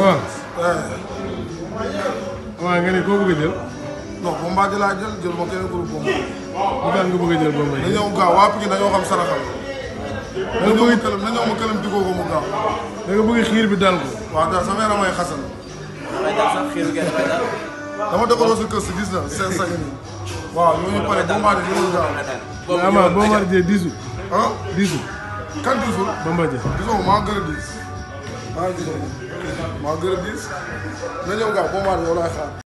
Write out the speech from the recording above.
waaw waaw koo bëgg a jël. non Bombardier laa jël jël ma keneen groupe boobu. bu daan nga bëgg a jël Bombardier. dañoo gaaw waa Pikine dañoo xam saraxal. da nga bëgg këlam ma këlam digoo ko mu gaaw. da nga bëgg xiir bi dal ko. waaw daal sama yaram ay xasan. damay dama dogaloo sa kër si gis na seen sañ ni. waaw ñooñu pare Bombardier ñu ngi gaaw. boobu ñëw na ca waaw Bombardier diisul. ah diisul. maa gën maa ngi ci dugg maa na ñëw gaaw boo maa walaay